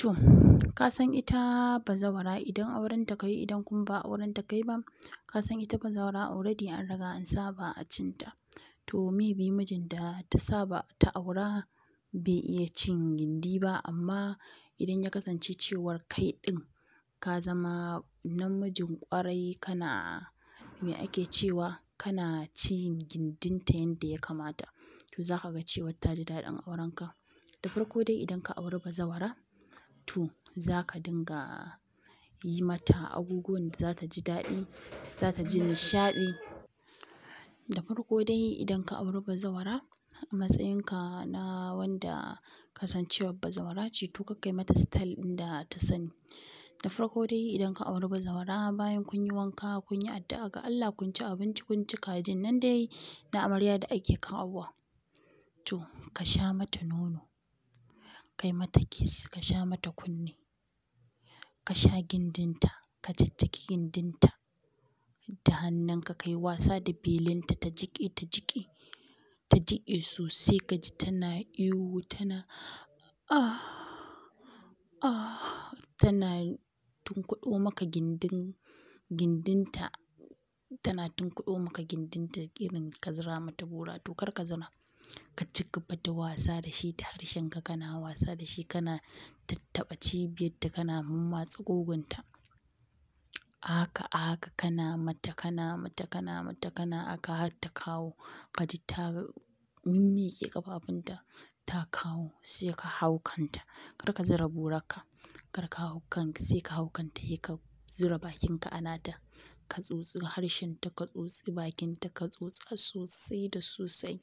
To, ka san ita bazawara idan auren ka yi, idan kuma ba aurenta ka yi ba, ka san ita bazawara already an raga an saba a cinta To me bi mijin da ta saba ta aura bai iya cin gindi ba amma idan ya kasance cewar kai ɗin ka zama namijin ƙwarai kana, me ake cewa, kana cin gindinta yanda ya kamata, to za ka ga cewa ta ji auren ka Da farko dai idan ka auri bazawara, to za ka dinga yi mata abubuwan da za ta ji daɗi, za ta ji nishaɗi. Da farko dai idan ka auri bazawara a matsayinka na wanda kasancewar bazawara ce to ka kai mata style ɗin da ta sani. Da farko dai idan ka auri bazawara bayan kun yi wanka, kun yi addu'a ga Allah, kun ci abinci, kun ci kajin nan dai na amarya da ake kawowa to ka sha mata nono. kai mata kiss ka sha mata kunne, ka sha gindinta, ka cicciki gindinta da hannunka ka yi wasa da belinta ta jiƙe ta jiƙe, ta jiƙe sosai ka ji tana iwu tana ah ah tana tunkuɗo maka gindin gindinta tana tunkuɗo maka gindinta irin ka zira mata bora to kar ka zira. ka cigaba da wasa da shi harshen harshenka kana wasa da shi kana tattaɓa ta kana mammatsa gogunta A aka kana mata kana mata kana mata kana aka har ta kawo ka ji ta mimmiƙe ƙafafunta ta kawo sai ka hau kanta. Kar ka zura burarka kar ka hau kan sai ka hau kanta sai ka zura bakinka a ta Ka tsotsi ta ka tsotsi ta ka tsotsa sosai da sosai.